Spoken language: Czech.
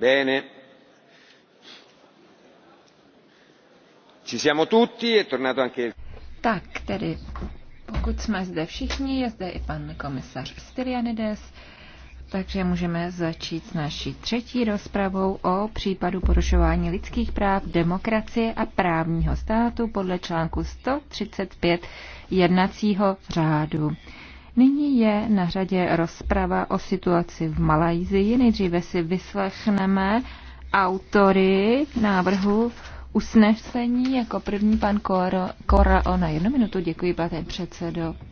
bene ci siamo tutti è tornato anche il tak tedy pokud jsme zde všichni je zde i pan komisař Styrianides takže můžeme začít s naší třetí rozpravou o případu porušování lidských práv, demokracie a právního státu podle článku 135 jednacího řádu. Nyní je na řadě rozprava o situaci v Malajzii. Nejdříve si vyslechneme autory návrhu usnesení. Jako první pan Kora, ona jednu minutu. Děkuji, pane předsedo.